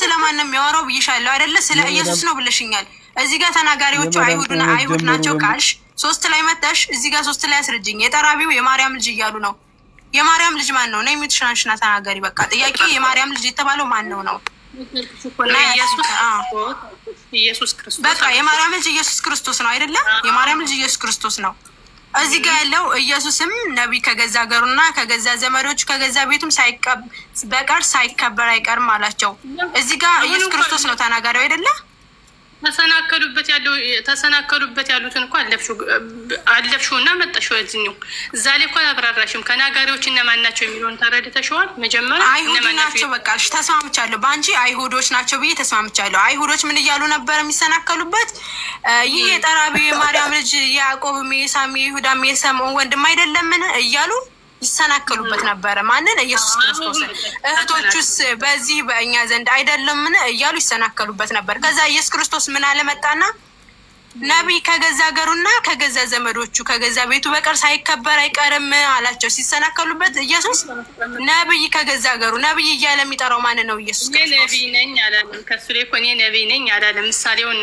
ስለማን ነው የሚያወራው ብዬሻለሁ አይደለ? ስለ ኢየሱስ ነው ብለሽኛል። እዚህ ጋር ተናጋሪዎቹ አይሁድና አይሁድ ናቸው ካልሽ ሶስት ላይ መጣሽ። እዚህ ጋር ሶስት ላይ አስረጅኝ። የጠራቢው የማርያም ልጅ እያሉ ነው። የማርያም ልጅ ማን ነው? ነይም ትሽናንሽና ተናገሪ። በቃ ጥያቄ የማርያም ልጅ የተባለው ማን ነው ነው? በቃ የማርያም ልጅ ኢየሱስ ክርስቶስ ነው አይደለ? የማርያም ልጅ ኢየሱስ ክርስቶስ ነው። እዚህ ጋር ያለው ኢየሱስም ነቢይ ከገዛ ሀገሩና ከገዛ ዘመዶች ከገዛ ቤቱም በቀር ሳይከበር አይቀርም አላቸው። እዚህ ጋር ኢየሱስ ክርስቶስ ነው ተናጋሪው አይደለ? ተሰናከሉበት ያለው ተሰናከሉበት ያሉትን እኮ አለፍሽው እና መጣሽው እዚህኛው እዛ ላይ እኮ አብራራሽም ከናጋሪዎች እነማን ናቸው የሚለውን ተረድተሽዋል። መጀመሪያ አይሁድ ናቸው በቃ እሺ፣ ተስማምቻለሁ። በአንቺ አይሁዶች ናቸው ብዬ ተስማምቻለሁ። አይሁዶች ምን እያሉ ነበር የሚሰናከሉበት? ይህ የጠራቢው የማርያም ልጅ የያዕቆብ የሳም የይሁዳም የሰምዖን ወንድም አይደለምን እያሉ ይሰናከሉበት ነበረ። ማንን? ኢየሱስ ክርስቶስን። እህቶቹስ በዚህ በእኛ ዘንድ አይደለምን እያሉ ይሰናከሉበት ነበር። ከዛ ኢየሱስ ክርስቶስ ምን አለመጣና ነቢይ ከገዛ ሀገሩና ከገዛ ዘመዶቹ ከገዛ ቤቱ በቀር ሳይከበር አይቀርም አላቸው። ሲሰናከሉበት ኢየሱስ ነቢይ ከገዛ ሀገሩ ነቢይ እያለ የሚጠራው ማን ነው? ኢየሱስ ነቢይ ነኝ ከሱ ላይ እኮ እኔ ነቢይ ነኝ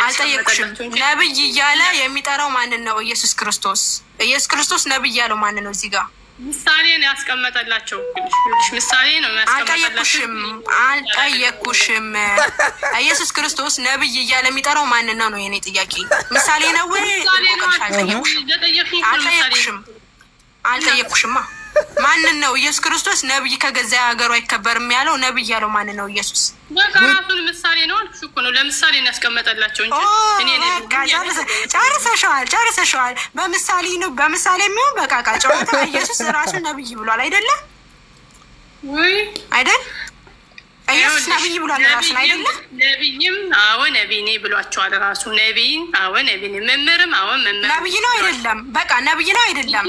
አልጠየቅሽም። ነቢይ እያለ የሚጠራው ማንን ነው? ኢየሱስ ክርስቶስ። ኢየሱስ ክርስቶስ ነቢይ እያለው ማን ነው እዚህ ጋር ምሳሌ ነው ያስቀመጠላቸው። ምሳሌ ነው አልጠየኩሽም፣ አልጠየኩሽም። ኢየሱስ ክርስቶስ ነብይ እያለ የሚጠራው ማንን ነው? ነው የኔ ጥያቄ። ምሳሌ ነው ወይ? አልጠየኩሽም፣ አልጠየኩሽማ ማንን ነው ኢየሱስ ክርስቶስ ነብይ ከገዛ ሀገሩ አይከበርም ያለው? ነብይ ያለው ማንን ነው? ኢየሱስ በቃ ራሱን ምሳሌ ነው አልኩሽ እኮ ነው። ለምሳሌ እናስቀመጠላቸው እንጂ ጨርሰሸዋል፣ ጨርሰሸዋል። በምሳሌ ነው በምሳሌ የሚሆን በቃ ቃ ጨዋታ ኢየሱስ ራሱን ነብይ ብሏል አይደለም ወይ አይደል? ኢየሱስ ነብይ ብሏል ራሱን አይደለ? ነብይም አዎ ነብይ ብሏቸዋል ራሱ ነብይን አዎ ነብይ ነኝ መምህርም አዎ መምህር ነብይ ነው አይደለም? በቃ ነብይ ነው አይደለም?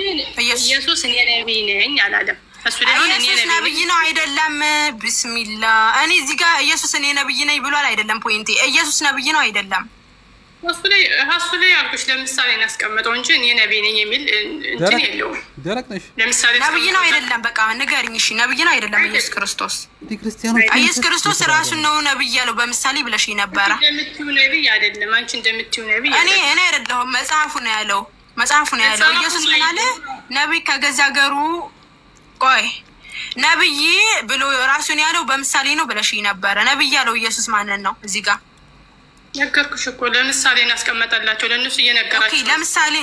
ኢየሱስ እኔ ነብይ ነኝ አላለም። ኢየሱስ ነብይ ነው አይደለም? ብስሚላ እኔ እዚህ ጋር ኢየሱስ እኔ ነብይ ነኝ ብሏል አይደለም? ፖይንቴ ኢየሱስ ነብይ ነው አይደለም? እሱ ላይ እሱ ለምሳሌ እናስቀምጠው እንጂ እኔ ነብይ ነኝ የሚል እንትን የለውም። ደረቅ ነሽ። ነብይ ነው አይደለም? በቃ ንገሪኝ። እሺ ነብይ ነው አይደለም? ኢየሱስ ክርስቶስ ኢየሱስ ክርስቶስ ራሱን ነው ነብይ ያለው በምሳሌ ብለሽ ነበረ። እኔ እኔ አይደለሁም መጽሐፉ ነው ያለው። መጽሐፉ ነው ያለው። ኢየሱስ ምን አለ? ነብይ ከገዛ ሀገሩ ቆይ ነብይ ብሎ ራሱን ያለው በምሳሌ ነው ብለሽ ነበረ። ነብይ ያለው ኢየሱስ ማንን ነው እዚህ ጋር? ነገርኩሽ እኮ ለምሳሌ እናስቀመጠላቸው ለእነሱ እየነገራቸው ለምሳሌ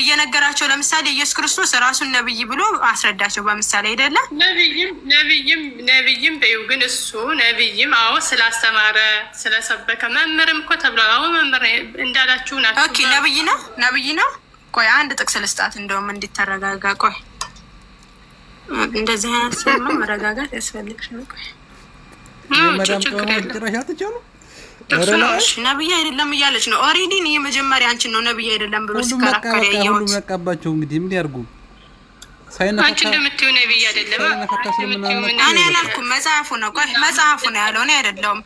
እየነገራቸው ለምሳሌ ኢየሱስ ክርስቶስ ራሱን ነብይ ብሎ አስረዳቸው በምሳሌ አይደለም። ነብይም ነብይም ነብይም በይው ግን እሱ ነብይም አዎ ስላስተማረ ስለሰበከ መምህርም እኮ ተብሏል። አዎ መምህር እንዳላችሁ ናቸው። ኦኬ ነብይ ነው ነብይ ነው። ቆይ አንድ ጥቅስ ልስጣት እንደውም እንዲተረጋጋ። ቆይ እንደዚህ አይነት ሰማ መረጋጋት ያስፈልግሽ ነው። ቆይ ጭራሽ አትቻሉ ጥቅስሎሽ ነብይ አይደለም እያለች ነው። ኦሬዲ መጀመሪያ አንቺን ነው ነብይ አይደለም ብሎ ሲከራከር ያየሁት። ነቃባቸው እንግዲህ ምን ያርጉ? አንቺ እንደምትይው ነብይ አይደለም እኔ አላልኩም። መጽሐፉ ነው ቆይ፣ መጽሐፉ ነው ያለው እኔ አይደለሁም።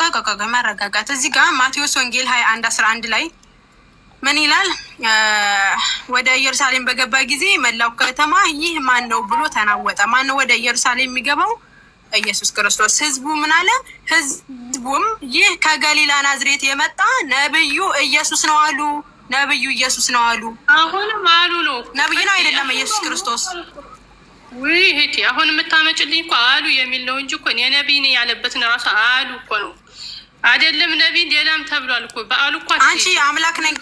ቆይ መረጋጋት። እዚህ ጋር ማቴዎስ ወንጌል ሀያ አንድ አስራ አንድ ላይ ምን ይላል? ወደ ኢየሩሳሌም በገባ ጊዜ መላው ከተማ ይህ ማን ነው ብሎ ተናወጠ። ማን ነው ወደ ኢየሩሳሌም የሚገባው? ኢየሱስ ክርስቶስ ህዝቡ ምን አለ? ህዝቡም ይህ ከገሊላ ናዝሬት የመጣ ነብዩ ኢየሱስ ነው አሉ። ነብዩ ኢየሱስ ነው አሉ። አሁንም አሉ ነው። ነብዩ ነው አይደለም ኢየሱስ ክርስቶስ ውይ እህቴ፣ አሁን የምታመጭልኝ እኮ አሉ የሚል ነው እንጂ እኮ የነቢይ ነኝ ያለበትን ራሱ አሉ እኮ ነው አይደለም ነቢይ፣ ሌላም ተብሏል እኮ በአሉ እኮ። አንቺ አምላክ ነኝ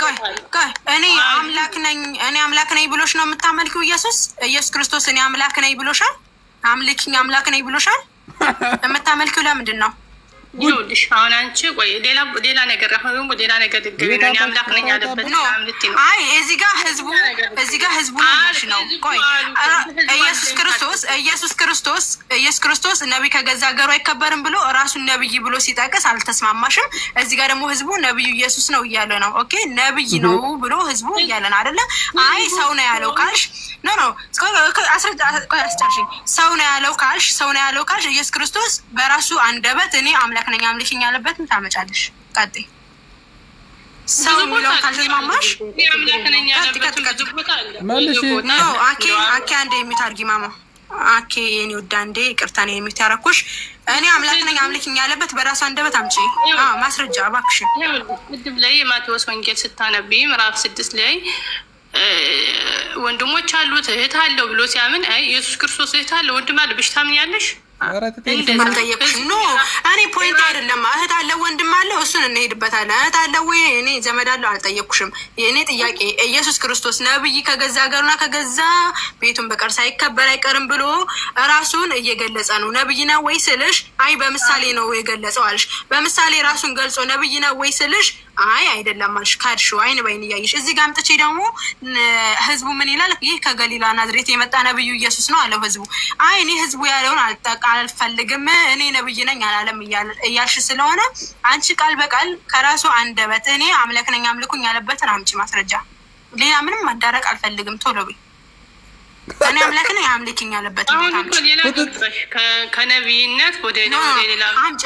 እኔ አምላክ ነኝ እኔ አምላክ ነኝ ብሎሽ ነው የምታመልኪው ኢየሱስ ኢየሱስ ክርስቶስ እኔ አምላክ ነኝ ብሎሻል። አምልኪኝ አምላክ ነኝ ብሎሻል። የምታመልኪው ለምንድን ነው? ይኸውልሽ አሁን አንቺ ቆይ ሌላ ሌላ ነገር አሁን ሌላ ነገር ድገሚ ነው። እኔ አምላክ ነኝ አለበት አምልቲ ነው። አይ እዚህ ጋር ህዝቡ እዚህ ጋር ህዝቡ ነሽ ነው። ቆይ ኢየሱስ ክርስቶስ ኢየሱስ ክርስቶስ ኢየሱስ ክርስቶስ ነቢይ ከገዛ ሀገሩ አይከበርም ብሎ ራሱን ነብይ ብሎ ሲጠቅስ አልተስማማሽም። እዚህ ጋር ደግሞ ህዝቡ ነብዩ ኢየሱስ ነው እያለ ነው። ኦኬ ነብይ ነው ብሎ ህዝቡ እያለ ነው አይደለ? አይ ሰው ነው ያለው ካልሽ ኖ ኖ አስጨርሽኝ። ሰው ነው ያለው ካልሽ ሰው ነው ያለው ካልሽ ኢየሱስ ክርስቶስ በራሱ አንደበት እኔ አምላክ ነኝ አምልሽኝ ያለበትን ታመጫለሽ። ቀጤ ሰው የሚለው ካልተስማማሽ አኬ አኬ አንዴ የሚት ማማ አኬ የኔ ውድ አንዴ ይቅርታ ነው የሚታረኩሽ። እኔ አምላክ ነኝ አምልክኝ ያለበት በራሱ አንደበት አምጪ ማስረጃ እባክሽን። ምድብ ላይ የማቴዎስ ወንጌል ስታነቢ ምዕራፍ ስድስት ላይ ወንድሞች አሉት እህት አለው ብሎ ሲያምን ኢየሱስ ክርስቶስ እህት አለው ወንድም አለ ምን ያለሽ ኖ እኔ ፖይንት አይደለም። እህት አለ ወንድም አለ፣ እሱን እንሄድበታለን። እህት አለ ወይ እኔ ዘመድ አለው አልጠየቅኩሽም። የእኔ ጥያቄ ኢየሱስ ክርስቶስ ነብይ ከገዛ ሀገሩና ከገዛ ቤቱን በቀር ሳይከበር አይቀርም ብሎ ራሱን እየገለጸ ነው። ነብይ ነው ወይ ስልሽ፣ አይ በምሳሌ ነው የገለጸው አልሽ። በምሳሌ ራሱን ገልጾ ነብይ ነው ወይ ስልሽ አይ አይደለም አልሽ። ካድሽ አይን በይን እያየሽ እዚህ ጋር አምጥቼ ደግሞ ህዝቡ ምን ይላል? ይህ ከገሊላ ናዝሬት የመጣ ነብዩ ኢየሱስ ነው አለው ህዝቡ። አይ እኔ ህዝቡ ያለውን አልጠቃ አልፈልግም እኔ ነብይ ነኝ አላለም እያልሽ ስለሆነ አንቺ ቃል በቃል ከራሱ አንደበት እኔ አምለክ ነኝ አምልኩኝ ያለበትን አምጪ ማስረጃ። ሌላ ምንም ማዳረቅ አልፈልግም። ቶሎ በይ። እኔ አምላክ ነኝ አምልኪኝ ያለበትን ከነብይነት ወደ ሌላ አምጪ።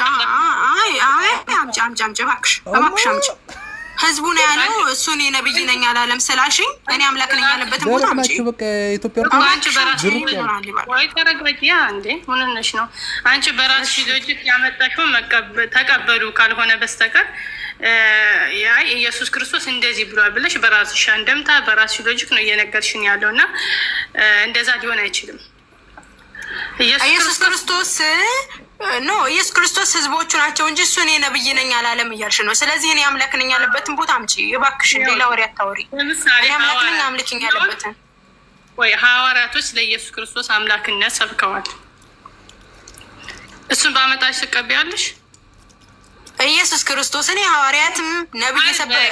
አይ አይ አምጪ አምጪ አምጪ አምጪ ህዝቡ ነው ያለው። እሱን የነብይ ነኝ አላለም ስላልሽኝ እኔ አምላክ ነኝ ያለበትን ቦታ ናቸው። በቃ ምን ሆነሽ ነው አንቺ በራስሽ ያመጣሽው ያመጣሽውን ተቀበሉ ካልሆነ በስተቀር ያይ ኢየሱስ ክርስቶስ እንደዚህ ብሏል ብለሽ በራስሽ አንደምታ በራስሽ ሎጂክ ነው እየነገርሽን ያለው እና እንደዛ ሊሆን አይችልም ኢየሱስ ክርስቶስ ኖ ኢየሱስ ክርስቶስ ህዝቦቹ ናቸው እንጂ እሱ እኔ ነብይ ነኝ አላለም እያልሽ ነው። ስለዚህ እኔ አምላክ ነኝ ያለበትን ቦታ አምጪ እባክሽ፣ ሌላ ወሬ አታወሪ። እኔ አምላክ ነኝ አምልክኝ ያለበትን ወይ ሐዋርያቶች ለኢየሱስ ክርስቶስ አምላክነት ሰብከዋል። እሱን በአመጣሽ ትቀበያለሽ። ኢየሱስ ክርስቶስ እኔ ሐዋርያትም ነብይ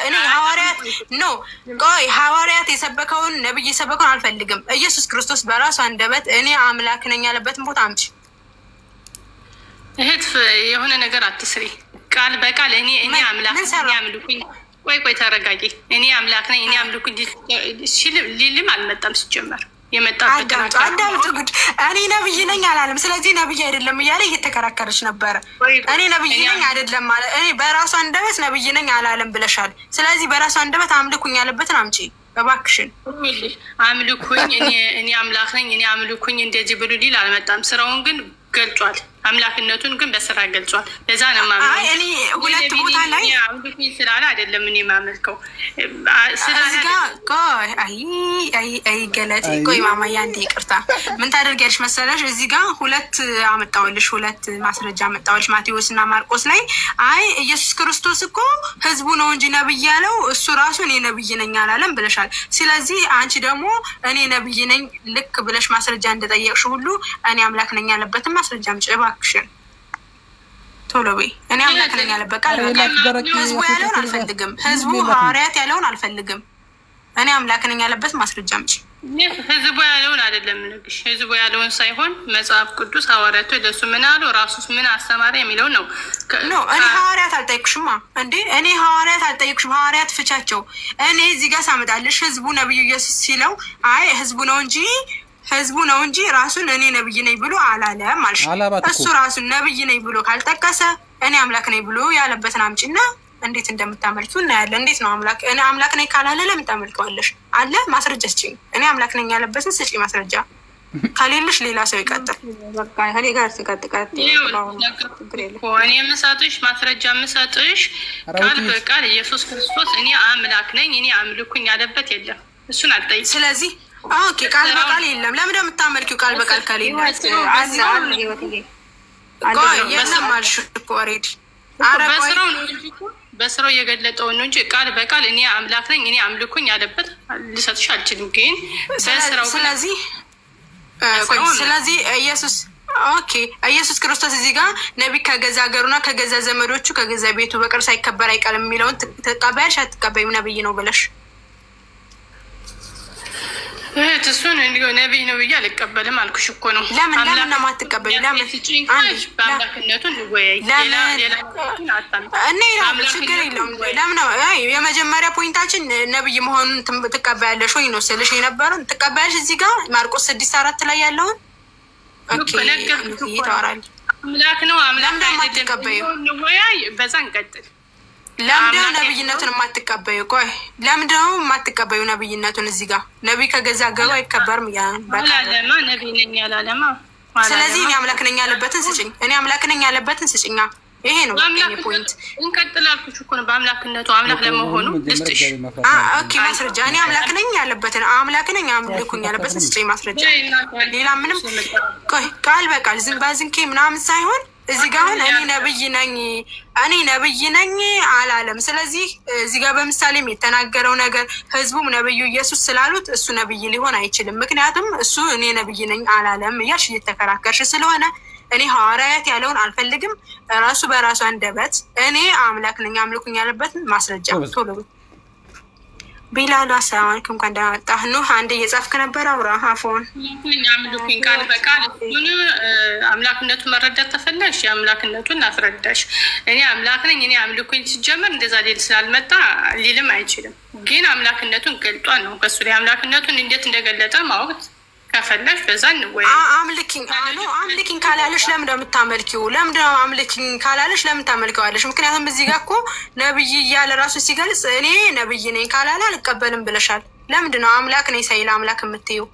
እኔ ሐዋርያት ኖ ቆይ ሐዋርያት የሰበከውን ነብይ የሰበከውን አልፈልግም። ኢየሱስ ክርስቶስ በራሱ አንደበት እኔ አምላክ ነኝ ያለበትን ቦታ አምጪ እህት የሆነ ነገር አትስሪ። ቃል በቃል እኔ እኔ አምላክ እኔ አምልኩኝ። ቆይ ቆይ ተረጋጊ። እኔ አምላክ ነኝ እኔ አምልኩኝ ሊልም አልመጣም ሲጀመር አዳምጡ ጉድ። እኔ ነብይ ነኝ አላለም። ስለዚህ ነብይ አይደለም እያለ እየተከራከረች ነበረ። እኔ ነብይ ነኝ አይደለም አለ። እኔ በራሱ አንደበት ነብይ ነኝ አላለም ብለሻል። ስለዚህ በራሱ አንደበት አምልኩኝ ያለበትን አምጪ እባክሽን። አምልኩኝ፣ እኔ አምላክ ነኝ፣ እኔ አምልኩኝ እንደዚህ ብሉ ሊል አልመጣም። ስራውን ግን ገልጿል። አምላክነቱን ግን በስራ ገልጿል። በዛ ነው ሁለት ቦታ ላይ ስላለ አይደለም እኔ የማመልከው ስለዚጋይ ይ ገለጤ ቆይ ማማያ እንዴ ይቅርታ። ምን ታደርጊያለሽ መሰለሽ እዚህ ጋር ሁለት አመጣሁልሽ፣ ሁለት ማስረጃ አመጣሁልሽ ማቴዎስ እና ማርቆስ ላይ አይ ኢየሱስ ክርስቶስ እኮ ህዝቡ ነው እንጂ ነብይ ያለው እሱ ራሱ እኔ ነብይ ነኝ አላለም ብለሻል። ስለዚህ አንቺ ደግሞ እኔ ነብይ ነኝ ልክ ብለሽ ማስረጃ እንደጠየቅሽ ሁሉ እኔ አምላክ ነኝ ያለበትን ማስረጃ ምጭባ እባክሽን ቶሎ በይ። እኔ አምላክ ነኝ ያለበት ቃል ህዝቡ ያለውን አልፈልግም። ህዝቡ ሐዋርያት ያለውን አልፈልግም። እኔ አምላክ ነኝ ያለበት ማስረጃ ምጭ ህዝቡ ያለውን አይደለም ንግሽ ህዝቡ ያለውን ሳይሆን መጽሐፍ ቅዱስ ሐዋርያቱ ለሱ ምን አሉ ራሱስ ምን አስተማሪ የሚለው ነው። እኔ ሐዋርያት አልጠይቅሽማ እንዴ! እኔ ሐዋርያት ሐዋርያት ፍቻቸው። እኔ እዚህ ጋር ሳመጣልሽ ህዝቡ ነብዩ ኢየሱስ ሲለው አይ ህዝቡ ነው እንጂ ህዝቡ ነው እንጂ ራሱን እኔ ነብይ ነኝ ብሎ አላለም አልሽ። እሱ ራሱን ነብይ ነኝ ብሎ ካልጠቀሰ እኔ አምላክ ነኝ ብሎ ያለበትን አምጪና እንዴት እንደምታመልኩ እናያለን። እንዴት ነው አምላክ እኔ አምላክ ነኝ ካላለ ለምን ታመልከዋለሽ? አለ ማስረጃ ስጪኝ። እኔ አምላክ ነኝ ያለበትን ስጪ ማስረጃ። ከሌለሽ ሌላ ሰው ይቀጥል። እኔ ጋር እኔ የምሰጥሽ ማስረጃ የምሰጥሽ ቃል በቃል ኢየሱስ ክርስቶስ እኔ አምላክ ነኝ እኔ አምልኩኝ ያለበት የለም። እሱን አልጠይቅም። ስለዚህ ኦኬ፣ ቃል በቃል የለም። ለምን የምታመልኪው? ቃል በቃል ከሌለ የለም አልሽ እኮ በስራው የገለጠው ነው እንጂ ቃል በቃል እኔ አምላክ ነኝ እኔ አምልኩኝ ያለበት ልሰጥሽ አልችልም። ግን ስለዚህ ስለዚህ ኢየሱስ ኦኬ ኢየሱስ ክርስቶስ እዚህ ጋር ነቢ ከገዛ ሀገሩና ከገዛ ዘመዶቹ ከገዛ ቤቱ በቀር ሳይከበር አይቀርም የሚለውን ተቀባያሽ አትቀበይም ነብይ ነው ብለሽ እህት እሱን እንዲሁ ነቢይ ነው ብዬ አልቀበልም አልኩሽ እኮ ነው። ለምን ለምን ነው የማትቀበል? ለምን ችግር የለውም። ለምን የመጀመሪያ ፖይንታችን ነብይ መሆኑን ትቀበያለሽ ወይ ነው ስልሽ የነበረው። ትቀበያለሽ እዚህ ጋር ማርቆስ ስድስት አራት ላይ ያለውን ይተዋራል። አምላክ ነው አምላክ ነው። ወያይ በዛ እንቀጥል ለምንድነው ነብይነቱን የማትቀበዩ? ቆይ ለምንድነው የማትቀበዩ ነብይነቱን? እዚህ ጋር ነቢይ ከገዛ ገባ አይከበርም እያላለማ ነቢይ ነኝ ያላለማ። ስለዚህ እኔ አምላክ ነኝ ያለበትን ስጭኝ፣ እኔ አምላክ ነኝ ያለበትን ስጭኛ። ይሄ ነው ፖይንት። እንቀጥላችሁ እኮ ነው በአምላክነቱ አምላክ ለመሆኑ ልስጥሽ። ኦኬ ማስረጃ። እኔ አምላክ ነኝ ያለበትን አምላክ ነኝ አምልኩኝ ያለበትን ስጭኝ ማስረጃ። ሌላ ምንም ቆይ ቃል በቃል ዝንባዝንኬ ምናምን ሳይሆን እዚህ ጋ አሁን እኔ ነብይ ነኝ እኔ ነብይ ነኝ አላለም። ስለዚህ እዚህ ጋር በምሳሌም የተናገረው ነገር ህዝቡም ነብዩ ኢየሱስ ስላሉት እሱ ነብይ ሊሆን አይችልም። ምክንያቱም እሱ እኔ ነብይ ነኝ አላለም እያልሽ እየተከራከርሽ ስለሆነ እኔ ሐዋርያት ያለውን አልፈልግም። ራሱ በራሱ አንደበት እኔ አምላክ ነኝ አምልኩኝ ያለበትን ማስረጃ ቶሎ ቢላሉ አሰላም አለይኩም እንኳን ደህና መጣህ። ኑህ አንድ እየጻፍክ ነበር አብራ ሀፎን አምልኩኝ ቃል በቃል እሱን አምላክነቱ መረዳት ተፈላሽ የአምላክነቱን አስረዳሽ። እኔ አምላክ ነኝ እኔ አምልኩኝ ሲጀመር እንደዛ ሌል ስላልመጣ ሊልም አይችልም። ግን አምላክነቱን ገልጧ ነው ከሱ ላይ አምላክነቱን እንዴት እንደገለጠ ማወቅ ከፈለሽ በዛ እንወይ አምልኪኝ አምልኪኝ ካላለሽ ለምን እንደምታመልኪው ለምን አምልኪኝ ካላለሽ ለምን ታመልኪዋለሽ? ምክንያቱም እዚህ ጋር እኮ ነብይ እያለ ራሱ ሲገልጽ እኔ ነብይ ነኝ ካላለ አልቀበልም ብለሻል። ለምንድን ነው አምላክ ነኝ ሳይል አምላክ የምትይው?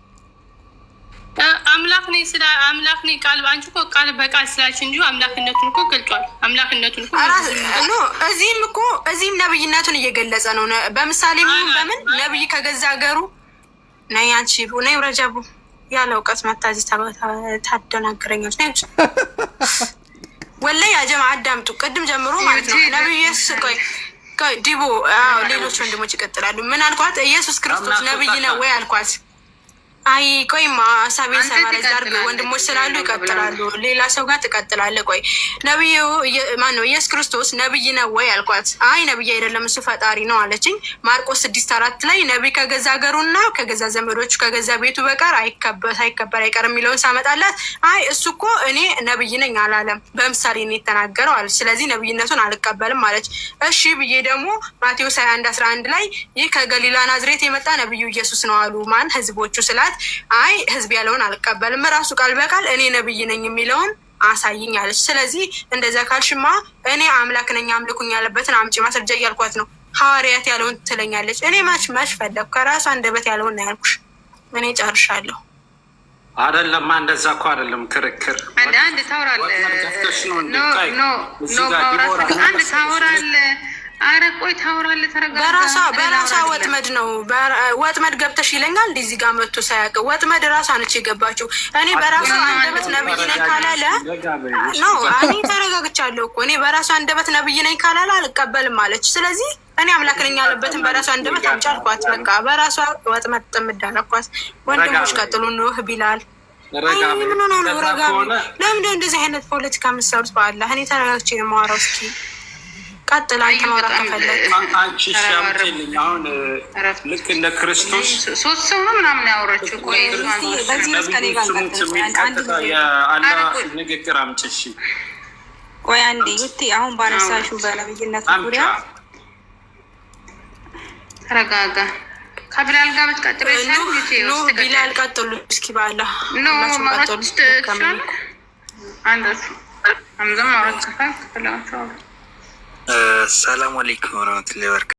አምላክ ነኝ ስለ አምላክ ነኝ ቃል አንቺ እኮ ቃል በቃል ስላች እንጂ አምላክነቱን እኮ ገልጿል። አምላክነቱን እኮ እዚህም እኮ እዚህም ነብይነቱን እየገለጸ ነው። በምሳሌ በምን ነብይ ከገዛ ሀገሩ ነይ አንቺ ነይ ረጃቡ ያለ እውቀት መታዚ ታደናግረኛለች ነች። ወላሂ አጀማ አዳምጡ። ቅድም ጀምሮ ማለት ነው ነብዩ ኢየሱስ ቆይ ዲቦ ሌሎች ወንድሞች ይቀጥላሉ። ምን አልኳት? ኢየሱስ ክርስቶስ ነብይ ነው ወይ አልኳት። አይ ቆይማ ሳቤን ሰማረዝ አድርግ። ወንድሞች ስላሉ ይቀጥላሉ። ሌላ ሰው ጋር ትቀጥላለ። ቆይ ነብዩ ማነው? ኢየሱስ ክርስቶስ ነብይ ነው ወይ አልኳት። አይ ነብይ አይደለም እሱ ፈጣሪ ነው አለችኝ። ማርቆስ ስድስት አራት ላይ ነቢይ ከገዛ ሀገሩና ከገዛ ዘመዶቹ ከገዛ ቤቱ በቀር አይከበር አይቀር የሚለውን ሳመጣላት፣ አይ እሱ እኮ እኔ ነብይ ነኝ አላለም፣ በምሳሌ ነው የተናገረው አለች። ስለዚህ ነብይነቱን አልቀበልም አለች። እሺ ብዬ ደግሞ ማቴዎስ ሀያ አንድ አስራ አንድ ላይ ይህ ከገሊላ ናዝሬት የመጣ ነብዩ ኢየሱስ ነው አሉ ማን ህዝቦቹ ስላት ምክንያት አይ ህዝብ ያለውን አልቀበልም ራሱ ቃል በቃል እኔ ነብይ ነኝ የሚለውን አሳይኛለች። ስለዚህ እንደዚያ ካልሽማ እኔ አምላክ ነኝ አምልኩኝ ያለበትን አምጪ ማስረጃ እያልኳት ነው። ሐዋርያት ያለውን ትለኛለች። እኔ ማች ማች ፈለግ ከራሱ አንደበት ያለውን ያልኩሽ። እኔ ጨርሻለሁ። አደለማ እንደዛ እኮ አደለም። ክርክር አንድ ታወራለህ፣ አንድ ታወራለህ አረ ቆይ ታወራለህ። ተረጋጋ። በራሷ በራሷ ወጥመድ ነው ወጥመድ ገብተሽ ይለኛል። እንደ ጋር መጥቶ ሳያውቅ ወጥመድ ራሷ ነች የገባችው። እኔ በራሷ አንደበት ነብይ ነኝ ካላለ ነው እኔ ተረጋግቻለሁ እኮ እኔ በራሷ አንደበት ነብይ ነኝ ካላለ አልቀበልም አለች። ስለዚህ እኔ አምላክ ነኝ ያለበትን በራሷ አንደበት አጫልኳት። በቃ በራሷ ወጥመድ ጥምድ አለኳት። ወንድሞች ቀጥሉ ንህ ቢላል ምን ሆነ ነው ረጋ። ለምንድነው እንደዚህ አይነት ፖለቲካ የምትሰሩት? በአላህ እኔ ተረጋግቼ የማወራው እስኪ ቀጥላ ታወራ አሁን ልክ እንደ ክርስቶስ ሶስት ሰው ነው ምናምን ያወራችው። ንግግር አምጪሽ ቆይ አንዴ ይቴ አሁን ባነሳሹ በነብይነት ዙሪያ ረጋጋ። ከቢላል ጋር ብትቀጥሉ ቢላል ቀጥሉ እስኪ ባላ አንድ ሀምዛም ማውራት ከፈለጋችሁ ሰላም አለይኩም ረመቱላ በረካቱ